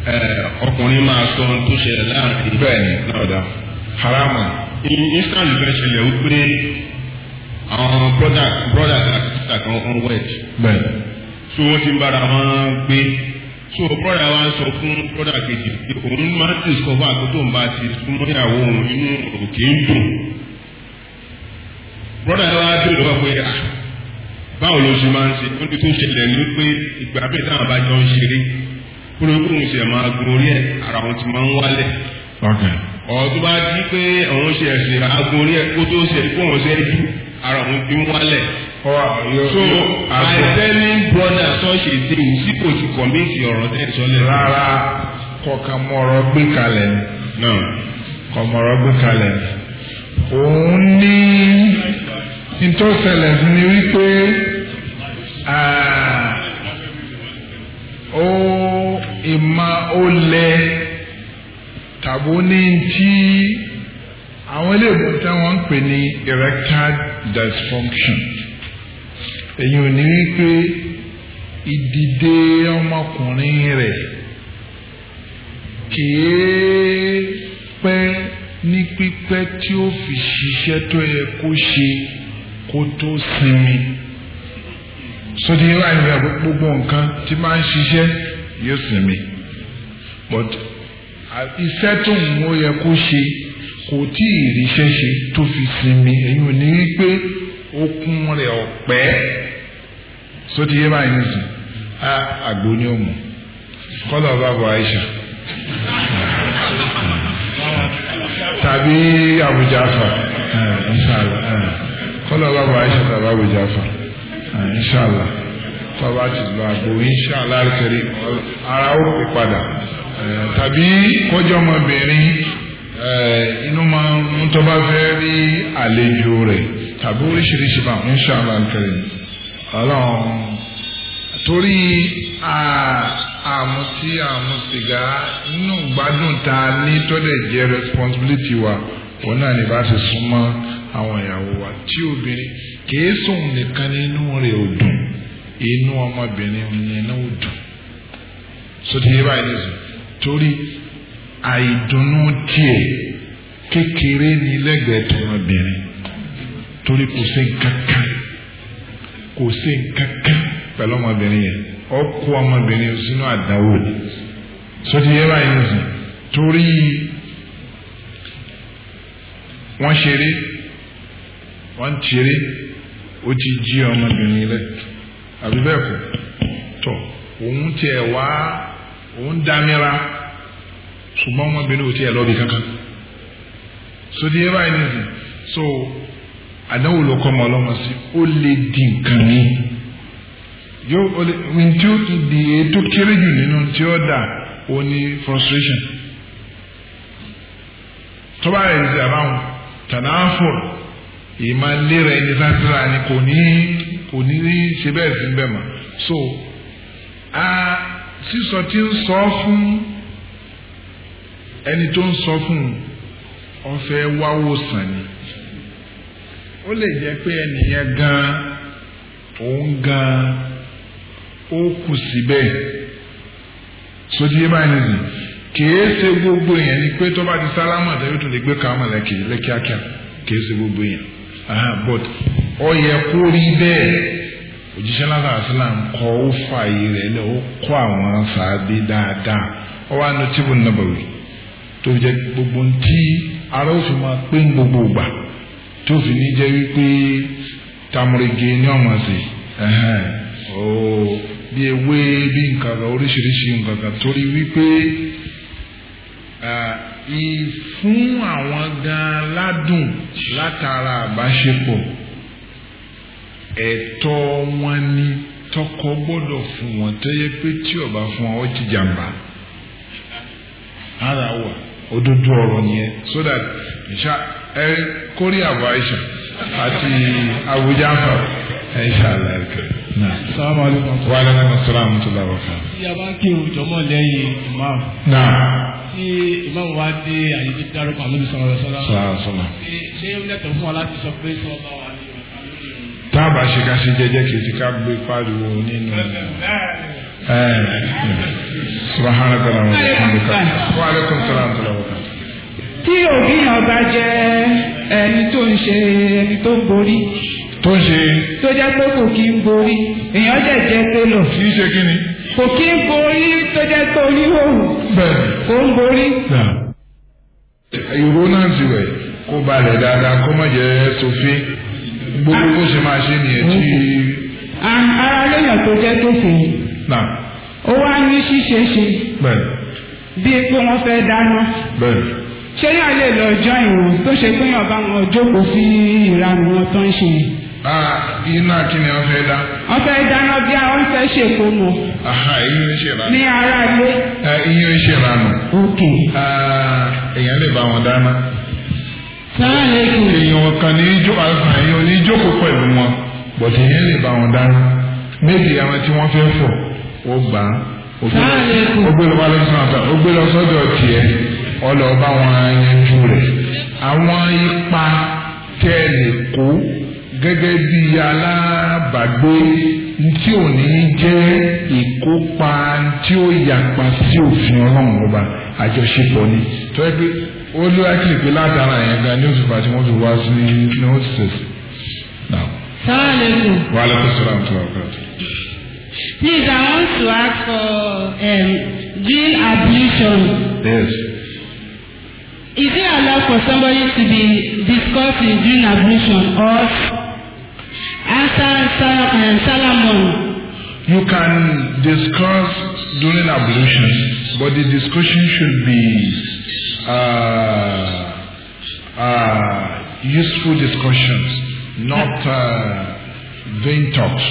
ọkùnrin máa sọ ohun tó ṣẹlẹ̀ láàrin bẹ́ẹ̀ni lọ́dà haramu instant ló fẹ́ ṣẹlẹ̀ ó pé àwọn brother brother àti sister kan on wed bẹ́ẹ̀ni so wọ́n ti ń bára wọn gbé so brother wa ń sọ fún brother kejì pé òun máa ń discover àkótó ń bá ti súnmọ́ ìyàwó òun inú òkè ń dùn brother wa bèrè lọ́wọ́ pé ah, báwo ló ṣe máa ń ṣe ó ní tó ṣẹlẹ̀ ní pé ìgbà bẹ́ẹ̀ táwọn bá jọ ń ṣeré kúlókùn ṣe máa gun orí ẹ̀ ara wọn ti máa ń wálẹ̀. ọ̀tún bá jí pé àwọn ṣe ẹ̀ṣẹ̀ agun orí ẹ̀ kó tó ṣe kó wọn ṣe jú ara wọn ti ń wálẹ̀. so my telling brother sọ́ọ̀ṣì ṣe yìí sí kò ti kọ̀míìtì ọ̀rọ̀ tẹ̀ sọ́lẹ̀. rárá kọ̀ọ̀kan mọ̀ọ́rọ̀ gbé kalẹ̀ kọ̀mọ̀ọ́rọ̀ gbé kalẹ̀ òun ní ntọ́sẹ̀lẹ̀ ni wípé ìmọ̀ olè tàbí ní tí àwọn iléèbó tí wọ́n ń pè ní erectile dysfunction èyí ò ní wípé ìdìde ọmọkùnrin rẹ̀ kìí pẹ́ ní pípẹ́ tí ó fi ṣiṣẹ́ tó yẹ kó ṣe kó tó sinmi sódì ìwà ìrìn àgbẹ̀ gbogbo nǹkan tí máa ń ṣiṣẹ́ yóò sinmi but iṣẹ́ tó ń mú yẹ kó ṣe kò tí ì ríṣẹ́ ṣe tó fi sinmi èyí ò ní wípé okun rẹ̀ ọ̀pẹ́ sóti yé báyìí nìsín á àgbo ní òmù kọ́lọ̀ bá bọ̀ àìsà tàbí àbújá fà kọ́lọ̀ bá bọ̀ àìsà tàbí àbújá fà inṣàlá tọ́ba ti lọ àgbo inṣàlá kiri ara ó pè padà eh, tàbí kọjọ́ ọmọbìnrin eh, inú máa ń tọ́ba fẹ́ rí àlejò rẹ̀ tàbí oríṣiríṣi bá inṣàlá kiri ọlọ́run torí àmú tí inú gbádùn ta ní tó jẹ́ responsibility wa òun náà ní bá ti súnmọ́ àwọn ìyàwó wa tí obìnrin kìí sùn nìkan nínú rẹ̀ ò dùn inú ọmọbìnrin yẹn náà ó dùn sóti yé báyìí lẹ́sìn torí àìdùnnú tiẹ̀ kékeré ní lẹ́gbẹ̀ẹ́ tọmọbìnrin torí kò sí nkankan kò sí nkankan pẹ̀lú ọmọbìnrin yẹn ọkọ ọmọbìnrin sínú àdáwò ni sóti yé báyìí lẹ́sìn torí wọ́n ṣeré wọ́n ń ṣeré ó ti jí ọmọbìnrin lẹ́tọ̀ọ́ àbí bẹ́ẹ̀ kọ́ tọ̀ òun tiẹ̀ wá òun dámẹ́ra ṣùgbọ́n ọmọbìnrin ò tiẹ̀ lọ́ọ̀bì kankan so di yẹn báyìí nìyí so àdánwò ló kọ́ ọmọ ọlọ́mọ sí ó lè di nǹkan mi yóò ó lè ntí ó di ètò kéré jù nínú ntí ó dà ó ní frustration tọ́ba rẹ̀ ń ṣe àbáwọn tànáfọ̀ ìmàlérẹ̀ ẹni sáńtìrà ni kò ní í òní ní ṣe bẹ́ẹ̀ sí bẹ́ẹ̀ mà so a sísọ tí ń sọ fún ẹni tó ń sọ fún ọfẹ wáwó sàn ni ó lè jẹ́ pé ẹnìyẹn gan òun gan ó kù síbẹ̀ sotí yé báyìí nìyí kìí ṣe gbogbo yẹn ni pé tó bá ti sálámà tẹ́lẹ̀ tó lè gbé kàámà lẹ́kìí lẹ́kíákíá kìí ṣe gbogbo yẹn but ọyẹ kórì bẹ́ẹ̀ òjíṣẹ́ náà ó fà yìí rẹ̀ lẹ́ ó kọ àwọn sàábé dáadáa ọ wá nu tíbù tó jẹ gbogbo ntí ara ó fi máa pé gbogbo gbà tó fi ní jẹ́ wípé tamurege ní ọmọ sí bí ewé bí nǹkan kan oríṣiríṣi nǹkan kan torí wípé ìfún àwọn gan ládùn látara àbáṣepọ̀. ẹ̀tọ́ wọn ni tọkọ gbọ́dọ̀ fún wọn tó yẹ pé tí ọba fún ọ ti jàǹbá ara wà òdodo ọ̀rọ̀ nìyẹn so that ìṣá ẹ kórè àbọ̀ àìsàn àti àwùjá fà ẹ̀ṣà àlàkẹ́. Assalamu alaikum. Wa alaikum assalam tó lọ́wọ́ kan. Tí a bá kí òjò mọ̀ lẹ́yìn imam. Náà. Tí imam wa dé àyè tí dárúkọ àmì sọ̀rọ̀ sọ̀rọ̀. Sọ̀rọ̀ sọ̀rọ̀. Ṣé ó lẹ́tọ̀ọ́ fún wa láti sọ pé sọ́ọ́ bá wa táàbà ṣe ká ṣe jẹ́jẹ́ kì í ti ká gbé pariwo nínú subahana tala wa alhamdulilah wa aleykum salaam tala wa kan. tí òbí yàn bá jẹ́ ẹni tó ń ṣe ẹni tó ń borí. tó ń ṣe. tó jẹ́ pé kò kí ń borí èèyàn jẹ́ jẹ́ télò. kì í ṣe kí ni. kò kí ń borí tó jẹ́ pé oníhòòhò. bẹ́ẹ̀ kò ń borí. ìró náà ti wẹ̀ kó balẹ̀ dáadáa kó má jẹ́ sófin gbogbo bó ṣe máa ṣe nìyẹn tí. ara léèyàn tó jẹ́ tó fún yìí. ó wá ní ṣíṣe ṣe. bíi pé wọ́n fẹ́ dáná. ṣé yàn lè lọ jọ ìwọ̀n tó ṣe pé yàn bá wọn jókòó sí ìranù wọn tó ń ṣe yìí. iná kí ni wọ́n fẹ́ dá. wọ́n fẹ́ dáná bí àwọn fẹ́ ṣèkómọ. ìyẹn ń ṣèlànà. ní ara ilé. ìyẹn ń ṣèlànà. ok. èèyàn lè bá wọn dáná sáàlẹ́kù. èèyàn kan ní ijó àyàn ní ìjókòó pẹ̀lú wọn bọ̀dé yẹn lè bá wọn dáná méjì àwọn tí wọ́n fẹ́ fọ̀ ó gbà á ó gbé lọ bá lọ́sọ̀ àtà ó gbé lọ sọ́dọ̀ tiẹ̀ ọlọ́ bá wọn yanjú rẹ̀ àwọn ipa tẹ́ lè kó gẹ́gẹ́ bí alábàgbé tí ò ní jẹ́ ìkópa tí ó yàpa sí òfin ọlọ́run ọba àjọṣepọ̀ ni tọ́jú pé ó lé wákìlì pé látara yẹn gan ní oṣù fàtí wọ́n fi wá sí ní wọ́n ti tẹ̀sí. Salaamaleykum. Wa aleykum salaam wa Please, I want to ask for um, during ablution. Yes. Is it allowed for somebody to be discussing during ablution or after sal uh, um, Salamon? You can discuss during ablution, but the discussion should be uh, uh, useful discussions, not uh, vain talks.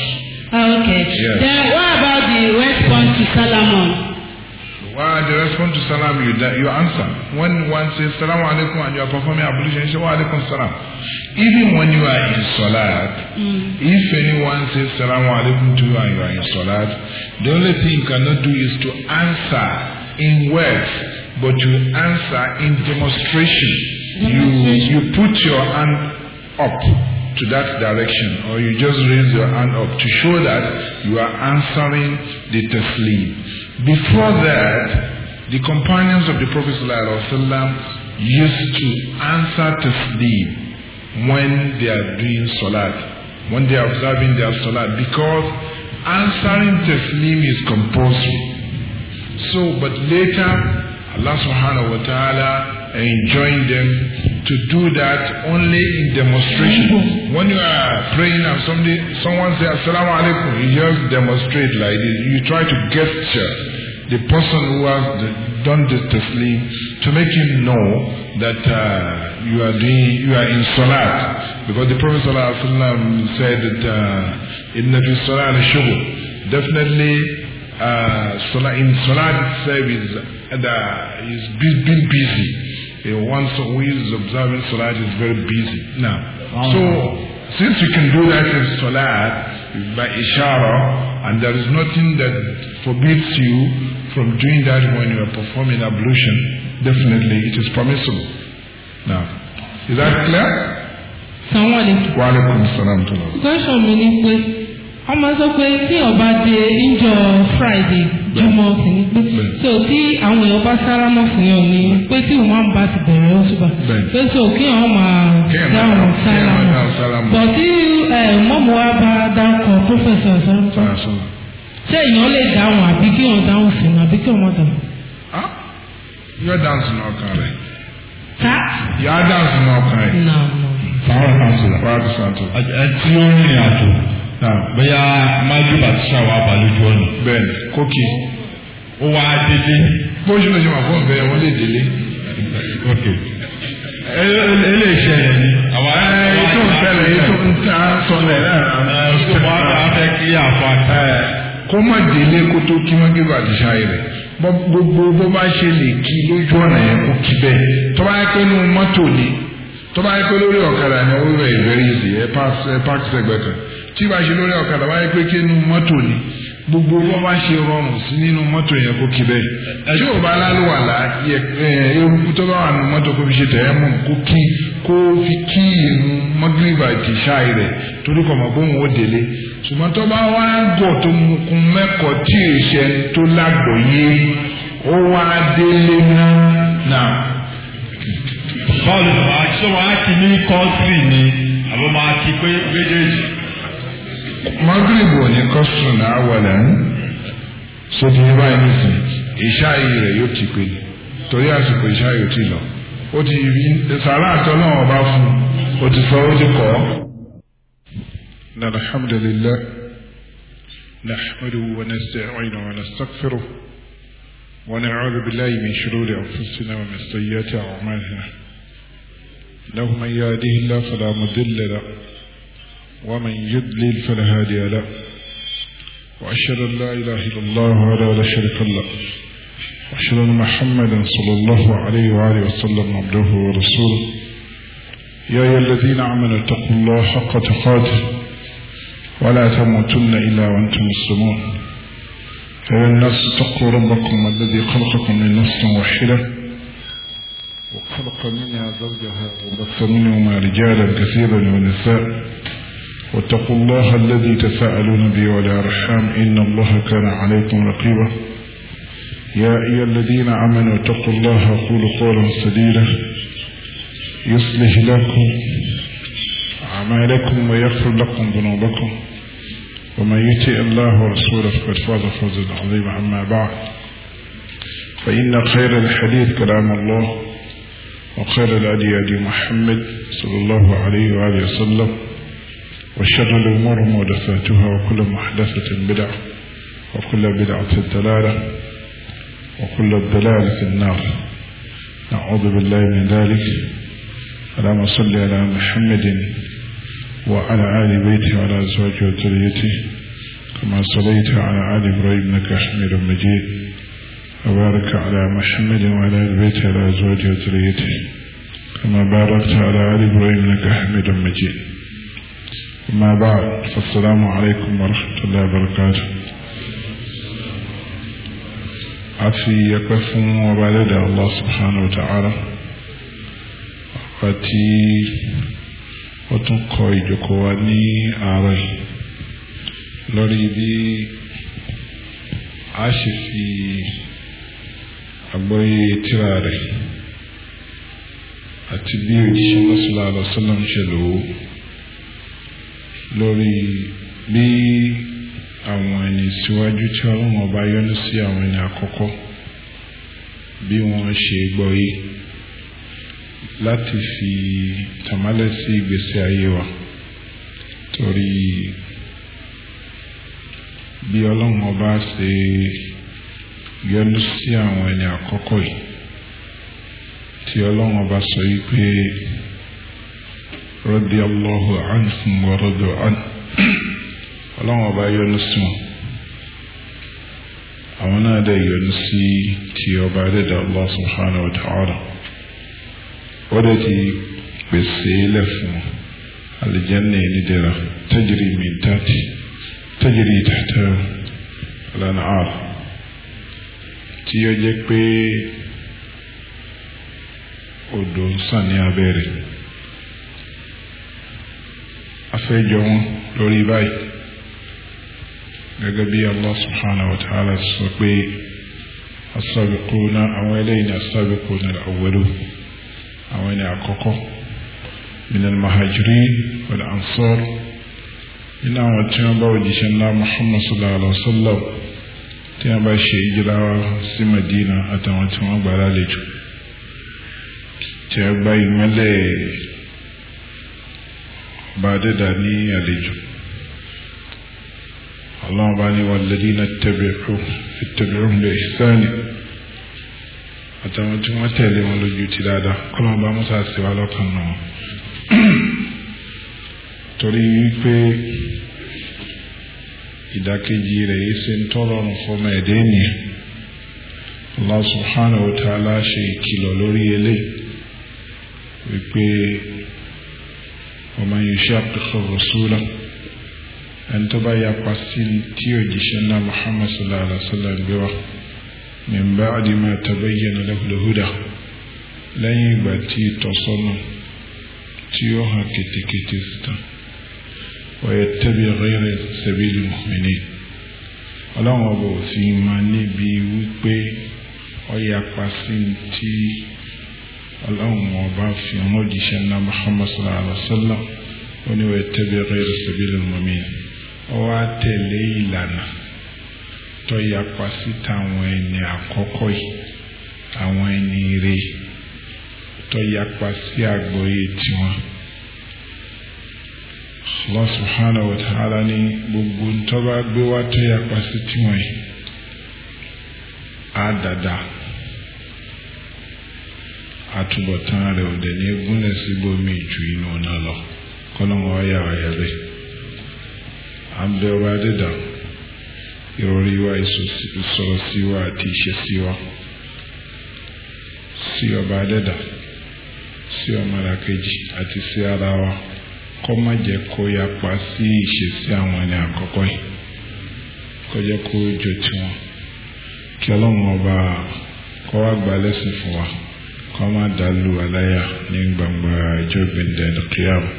Ah, okay. Yes. Then what about the response to Solomon? Well, the response to salam, you, you answer. When one says salam alaikum and you are performing ablution, you say wa alaikum salam. Even when you are in salat, mm. if anyone says salam alaikum to you and you are in salat, the only thing you cannot do is to answer in words but you answer in demonstration. demonstration. You, you put your hand up to that direction or you just raise your hand up to show that you are answering the taslim. Before that, the companions of the Prophet ﷺ used to answer taslim when they are doing salat, when they are observing their salat because answering taslim is compulsory. So, but later Allah subhanahu wa ta'ala enjoined them to do that only in demonstration. When you are praying and somebody, someone says, Assalamu alaikum, you just demonstrate like this. You try to gesture the person who has the, done the taslim to make him know that uh, you are doing, you are in salat. Because the Prophet said that, uh, in the salat, definitely uh, in Salat service that is uh, being busy. Uh, one who is observing Salat is very busy. Now, wow. so since you can do that in Salat by Ishara, and there is nothing that forbids you from doing that when you are performing ablution, definitely it is permissible. Now, is that clear? Assalamu alaikum. Wa alaikum salam. Question mi ni a máa sọ pé tí ọba dé níjọ́ friday jùmọ̀ sí ni pé so tí àwọn èèyàn bá sára mọ́ fún yàn ni pé tí òun máa ń bá ti bẹ̀rẹ̀ ọ̀ṣùgbà pé so kí àwọn máa dáhùn sára mọ́ bọ̀ tí mọ́mú wa bá dákọ̀ professor sára ṣé èèyàn lè dáhùn àbí kí òun dáhùn sí ni àbí kí òun má dáhùn. yóò dáhùn sí ní ọkàn rẹ̀. ká yóò dáhùn sí ní ọkàn rẹ̀. náà náà. fáwọn kan sọ̀rọ̀. fáwọn kan sọ̀rọ̀ bóyá májú bàtíṣà wà balójú ọ̀nà. bẹ́ẹ̀ni kókè. ó wá délé. bó ṣe lè ṣe wà fún ọ̀bẹ wọn lè délé. ok eléeṣẹ́ yẹn ni. àwọn ètò ìṣẹ̀lẹ̀ ètò ìta sọlẹ̀ náà. ṣé wàá rà á fẹ́ kí àfa ta ẹ̀. kó má délé kó tó kí májú bàtíṣà yẹn rẹ̀ gbogbo bó bá ṣe lè kí lójú ọ̀nà yẹn kó kí bẹ́ẹ̀ tó bá yẹ pé inú mọ́tò ni tó bá yẹ pé lórí ọ̀kadà ni ó rẹ̀ ìbẹ̀rẹ̀ yìí ẹ pàṣẹ pàṣẹ gbẹ̀kan tí bá ṣe lórí ọ̀kadà wáyé pé kí inú mọ́tò ni gbogbo wọn bá ṣe rọrùn sí nínú mọ́tò yẹn kó kí bẹ́ẹ̀ tí ò bá lálùwàlá eruku tó bá wà nínú mọ́tò kó fi ṣe tẹ̀ ẹ́ mọ̀ kó kí kó fi kí inú mọ́gìrìbà ti ṣáì rẹ̀ torí kọ̀ mọ̀ kó wọn ó délé ṣùgbọ́n tó bá wá gọ̀ tó mú mẹ́kọ̀ọ́ tí ìṣẹ́ tó lágbòye ó wá délé náà. bọ́ọ̀lù àti sọ́wọ́n á ti ní kọ́ńtì ni àbọ̀ máa ti pé méjèèjì mọ́gírìbù ò ní kọ́sùn náà wọlé ń so ti yé báyìí nìsín ìṣá iyì rẹ̀ yóò ti pè torí àsìkò ìṣá yóò ti lọ ó ti sàrà àtọ́ náà ọba fún ó ti sọ ó ti kọ́. alhamdulillah نحمده ونستعينه ونستغفره ونعوذ بالله من شرور أنفسنا ومن سيئات أعمالنا له من يهده الله فلا مضل له ومن يدلل فلا هادي له وأشهد أن لا إله إلا الله ولا لا شريك له وأشهد أن محمدا صلى الله عليه وآله وسلم عبده ورسوله يا أيها الذين آمنوا اتقوا الله حق تقاته ولا تموتن إلا وأنتم مسلمون فيا الناس اتقوا ربكم الذي خلقكم من نفس واحدة وخلق منها زوجها وبث منهما رجالا كثيرا ونساء واتقوا الله الذي تساءلون به والأرحام إن الله كان عليكم رقيبا يا أيها الذين آمنوا اتقوا الله وقولوا قولا سديدا يصلح لكم أعمالكم ويغفر لكم ذنوبكم ومن يطع الله ورسوله فقد فاز فوزا عظيما أما بعد فإن خير الحديث كلام الله وخير الهدي هدي محمد صلى الله عليه وآله وسلم وشر الأمور مودثاتها وكل محدثة بدعة وكل بدعة الدلالة وكل الضلالة في النار نعوذ بالله من ذلك اللهم صل على محمد وعلى آل بيته وعلى أزواجه وذريته كما صليت على آل إبراهيم إنك حميد مجيد وبارك على محمد وعلى آل بيته وعلى أزواجه وذريته كما باركت على آل إبراهيم إنك حميد مجيد ما بعد السلام عليكم ورحمة الله وبركاته àfi ẹpẹ́ fún ọba ẹlẹ́dàá Allah subhanahu wa ta'ala ọba tí ó tún kọ ìjókòó wa ní àárọ̀ yìí lórí bí a ṣe fi àgbọ́yé tírà rẹ̀ àti bí òjíṣẹ́ sallallahu alaihi wasallam ṣe lòó lórí bí àwọn ẹni síwájú tí ọlọ́run ọba yọ́nú sí àwọn ẹni àkọ́kọ́ bí wọ́n ṣe gbọ́ yìí láti fi tàmálẹ̀ sí ìgbésí ayé wa torí bí ọlọ́run ọba ṣe yọ́nú sí àwọn ẹni àkọ́kọ́ yìí tí ọlọ́run ọba sọ yìí pé radiyallahu anhum wa radu an ọlọ́run ọba yọ́nú sí wọn àwọn náà dẹ̀ yọ́nú sí ti ọba dẹ̀dẹ̀ Allah subhanahu wa ta'ala ó dẹ̀ ti pèsè ilẹ̀ fún wọn alìjẹ́nà yìí nìdẹ̀ra tajiri min tati tajiri tata lanàr tí ó jẹ́ pé odò ń sàn ní abẹ́rẹ́ afẹ́jọ wọn lórí báyìí gẹ́gẹ́ bí Allah subhanahu wa ta'ala sọ pé asabiquna àwọn eléyìí ni asabiquna al-awwalun àwọn ẹni àkọ́kọ́ min al-muhajirin wal-ansar nínú àwọn tí wọ́n bá òjíṣẹ́ ńlá Muhammad sallallahu alaihi wa sallam tí wọ́n bá ṣe ìjìlá sí Madina àtàwọn tí wọ́n gbà lálejò tí wọ́n gbá ìmọ́lẹ̀ bá dẹ́dà ní àlejò ọlọ́run bá ní walladhina ittabi'uhum bi ihsan àtàwọn tí wọ́n tẹ̀lé wọn lójú ti dáadáa kọ́lọ́run bá mọ́sá sí wa lọ́kàn náà torí wípé ìdákejì rẹ̀ yìí ṣe ń tọ́lọ́run fọmọ ẹ̀dẹ́ Allah subhanahu wa ta'ala ṣe ìkìlọ̀ lórí eléyìí wípé ومن يشاقق الرسول ẹni tó bá yapa sí tí òjíṣẹ́ náà muhammad sallallahu alaihi wa sallam gbé wa min ba'di ma tabayyana lahu al-huda lẹ́yìn ìgbà tí ìtọ́sọ́nà tí ó hàn kìtìkìtì síta wa yattabi ghayra sabili mu'minin ọlọ́run ọba òfin máa níbi wípé ó yapa sí tí ọlọ́run ọba fi ọmọ òjíṣẹ́ ńlá muhammad sallallahu alaihi wa sallam ó ní wọ́n tẹ́bi rẹ́rẹ́ sẹ́bílẹ̀ mọ́mìn ó wá tẹ̀lé ìlànà tó yapa sí táwọn ẹni àkọ́kọ́ yìí àwọn ẹni rè tó yapa sí àgbọ́yé tiwọn. Allah subhanahu wa ta'ala ni gbogbo ntọ́ba gbé wá tó yapa sí tiwọn yìí á dáadáa àtúbọ̀tán rẹ̀ ò dẹ̀ ní gúnlẹ̀ síbòmí ju inú náà lọ kọ́lọ́mọ ọ̀yà ọ̀yà bẹ́ẹ̀ àbẹ̀wò adẹ́dà ìrọ̀rí wa ìsọ̀rọ̀ sí wa ati ìṣe sí wa sí ọba adẹ́dà sí ọmọlàkejì àti sí ara wa kọ́ má jẹ́ kó yapa sí ìṣesí àwọn ẹni àkọ́kọ́ yìí kó jẹ́ kó jò tiwọn kí ọlọ́run ọba kọ́ wá gbalẹ́sìn fún wa kọ́ má dàlú aláyà ní gbangba ìjọ ìgbìndẹ̀ nìkíyàwó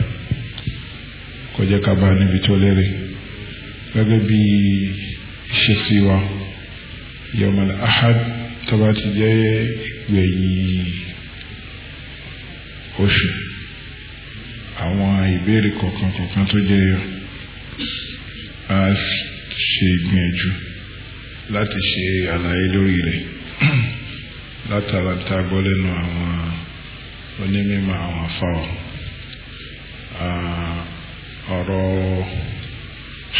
kó jẹ́ ká bá níbi tó lérè gẹ́gẹ́ bí ìṣesí wa yọmọl ahad tó bá ti jẹ́ ìgbẹ̀yìn oṣù àwọn ìbéèrè kọ̀ọ̀kan kọ̀ọ̀kan tó jẹ́ yọ a ṣe ìgbìyànjú láti ṣe àlàyé lórí rẹ̀. <clears throat> látara tá a gbọ́ lẹ́nu àwọn onímọ̀ àwọn afáwọ̀ ọ̀rọ̀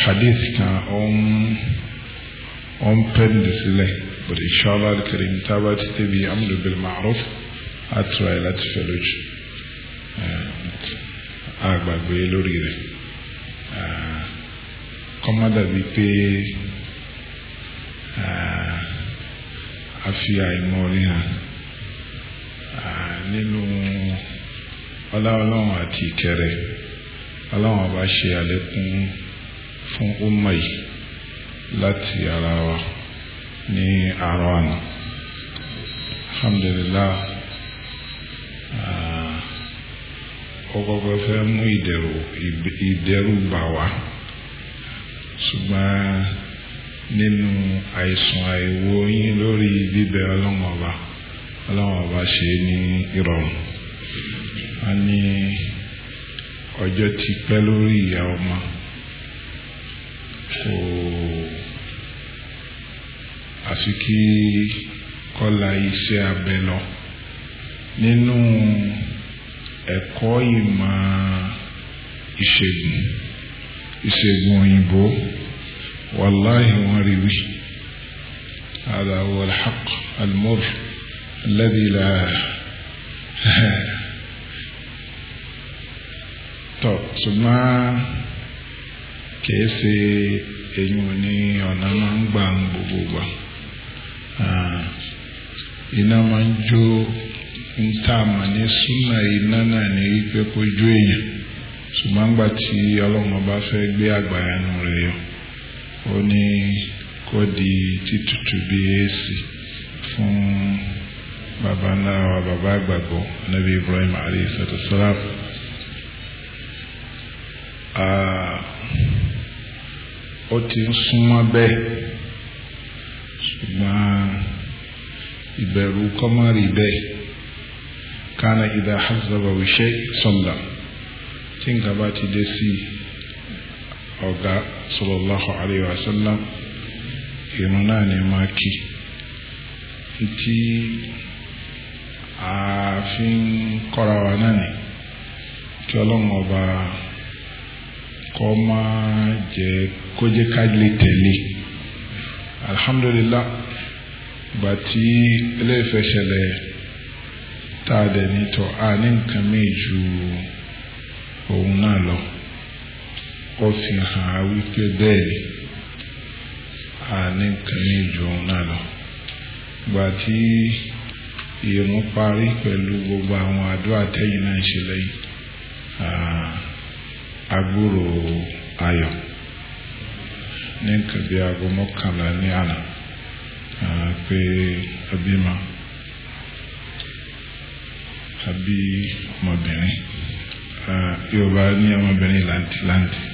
hadith kan ó ń pẹ́ndì sílẹ̀ but inshallah al-karim tá bá ti tẹ̀bi amúlò bil ma'ruf àtúrà ẹ̀ láti fẹ́ lójú àgbàgbé lórí rẹ̀ kọ́mọ́dà bíi pé a fi àìmọ̀ orí hàn nínú ọlá ọlọ́run àti ìkẹrẹ ọlọ́run ọba ṣe àlékún fún ọmọ yìí láti ara wa ní àárọ̀ àná alhamdulillah ọgọgọ fẹ́ mú ìdẹ̀rù bà wá ṣùgbọ́n nínú àìsàn àìwo yín lórí bíbẹ ọlọ́run ọba ọlọ́run ọba ṣe ní ìrọ̀rùn a ní ọjọ́ ti pẹ́ lórí ìyá ọmọ kò àfi kí kọ́la iṣẹ́ abẹ lọ nínú ẹ̀kọ́ ìmọ̀ ìṣègùn ìṣègùn òyìnbó wàláhì wọn rí wí هذا هو الحق المر الذي لا tọ́ ṣùgbọ́n kìí ṣe èyí ò ní ọ̀nà máa ń gbà ń gbogbo gbà iná máa ń jó ń tà mà ní súnà iná náà ní wípé kó jó èèyàn ṣùgbọ́n gbà tí ọlọ́run bá fẹ́ gbé àgbàyanu rẹ̀ yọ ó ní kó di títútù bí èsì fún bàbá ńlá wa bàbá àgbàgbọ́ nabi Ibrahim alayhi salatu salam ó ti ń súnmọ́ bẹ́ẹ̀ ṣùgbọ́n ìbẹ̀rù kọ́mọ́rì bẹ́ẹ̀ kánà ìdá hazaba wíṣẹ́ sọ́lá tí nǹkan bá ti dé sí i ọ̀gá sallallahu alayhi wa sallam irun náà ni máa kí tí a fi ń kọ́ra wa náà ni kí ọlọ́run ọba kọ́ máa jẹ kó jẹ́ tẹ̀lé alhamdulillah gbà tí eléyìí ṣẹlẹ̀ tá a dẹ̀ nítọ̀ a ní nǹkan méjì ju òun náà lọ ó fi hàn wípé bẹ́ẹ̀ ni a ní nǹkan ní ju òun náà lọ gbà tí ìrún parí pẹ̀lú gbogbo àwọn àdúrà tẹ́yìn náà ṣe lẹ́yìn agbúrò ayọ̀ ní nǹkan bí aago mọ́kànlá ní àná pé abímọ àbí ọmọbìnrin yorùbá ní ọmọbìnrin làǹtìlàǹtì.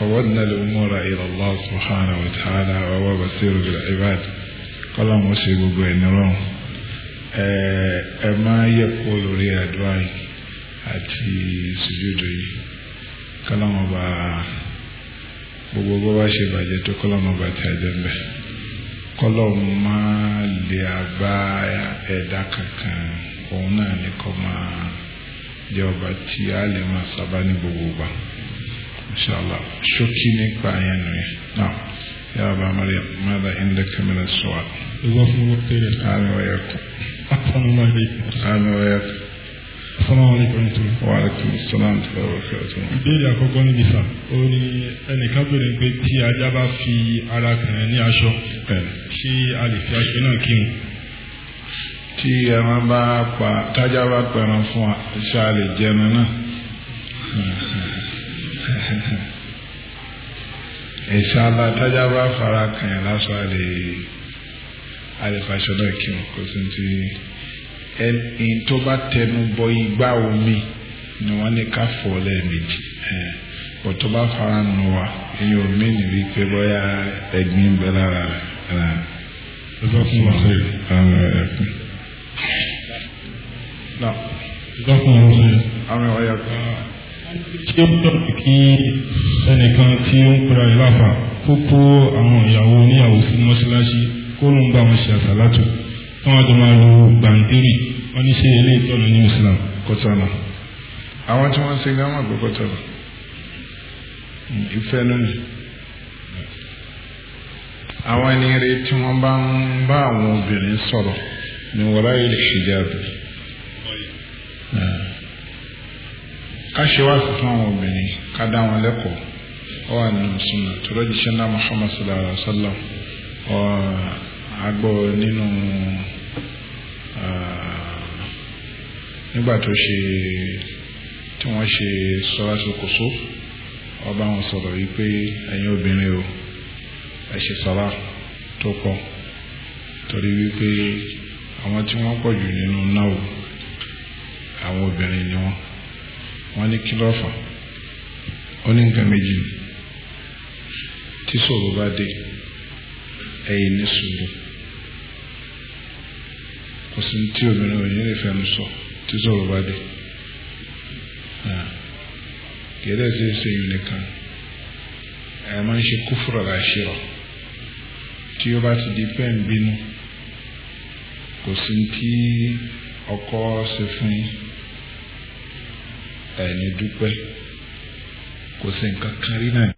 فودنا الأمور إلى الله سبحانه وتعالى basiru بصير kọ́lá mo ṣe gbogbo ẹni rọrùn ẹ máa yẹ kó lórí àdúrà yìí àti sùjúdù yìí kọ́lá mo bá gbogbo bó bá ṣe bàjẹ́ tó kọ́lá mo bá tẹ̀ ẹ́ bẹ́ẹ̀ kọ́lá mo máa lè àbá ẹ̀dá kankan òun náà ní kọ́ máa jẹ́ ọba tí a lè máa sábà ní gbogbo gbà inshallah ṣókí nípa yẹn nù náà yà bá mariam mada indek mina suwal. jazakumullahu khairan. ami wa yakum. assalamu alaykum. ami wa yakum. assalamu alaykum wa rahmatulah. wa alaykum salaam wa rahmatulah. ìbéèrè àkọ́kọ́ níbi sá ó ní ẹnìkan bèrè pé tí ajá bá fi ara kàn ní aṣọ ṣé a lè fi aṣọ náà kí n tí ẹran bá pa tájá bá pẹran fún wa ṣáà lè jẹun náà. inshallah tájà bá fara kàyàn lásán àlè àlèfàṣọ náà kí wọn kó sí ti ẹni tó bá tẹnu bọ igbá omi ni wọn ní ká fọ lẹ́ẹ̀mejì bọ tó bá fara nù wá èyí omi ni wípé bóyá ẹ̀gbin bẹ lára rẹ. ìdọ́kùn wà sẹ́yìn. ìdọ́kùn wà sẹ́yìn. àwọn ọ̀yà kan ṣé ó dọ̀tí kí ẹnìkan tí ó ń pera rẹ̀ láfa kó kó àwọn ìyàwó oníyàwó sí mọ́ṣáláṣí kó ló ń bá wọn ṣe àṣàlátù kí wọ́n jọ máa lo gbàǹdérì wọ́n ní ṣe ilé ìtọ́nà ní Islam kọ́tàlá. àwọn tí wọ́n ń ṣe gámà gbọ́ kọ́tàlá ìfẹ́ lónìí àwọn ẹni rẹ tí wọ́n bá ń bá àwọn obìnrin sọ̀rọ̀ ní wọ́n ráyè lè ṣèjáde. ká ṣe wá sí fún àwọn obìnrin ká dá wọn lẹ́kọ̀ọ́ ọ wà nínú súnà tó lọ́jọ́ iṣẹ́ ńlá Muhammad sallallahu alayhi wa sallam ọ agbọ́ nínú nígbà tó ṣe tí wọ́n ṣe sọ́láṣí kòsó ọba wọn sọ̀rọ̀ wípé ẹ̀yin obìnrin o ẹ ṣe sọ́lá tó pọ̀ torí wípé àwọn tí wọ́n pọ̀ jù nínú náà àwọn obìnrin ni wọ́n wọ́n ní kí ló fà ó ní nǹkan méjì tí ṣòro bá dé ẹ̀yin ní sùúrù kò sí tí obìnrin ò ní lè fẹnu sọ tí ṣòro bá dé gẹ́gẹ́ sí ṣèyí nìkan ẹ̀ máa ń ṣe kúfúrọ̀ láṣìírọ̀ tí ó bá ti di pẹ́ bínú kò sí tí ọkọ ṣe fún yín àìní dúpẹ́ kò sí nǹkan kan rí náà.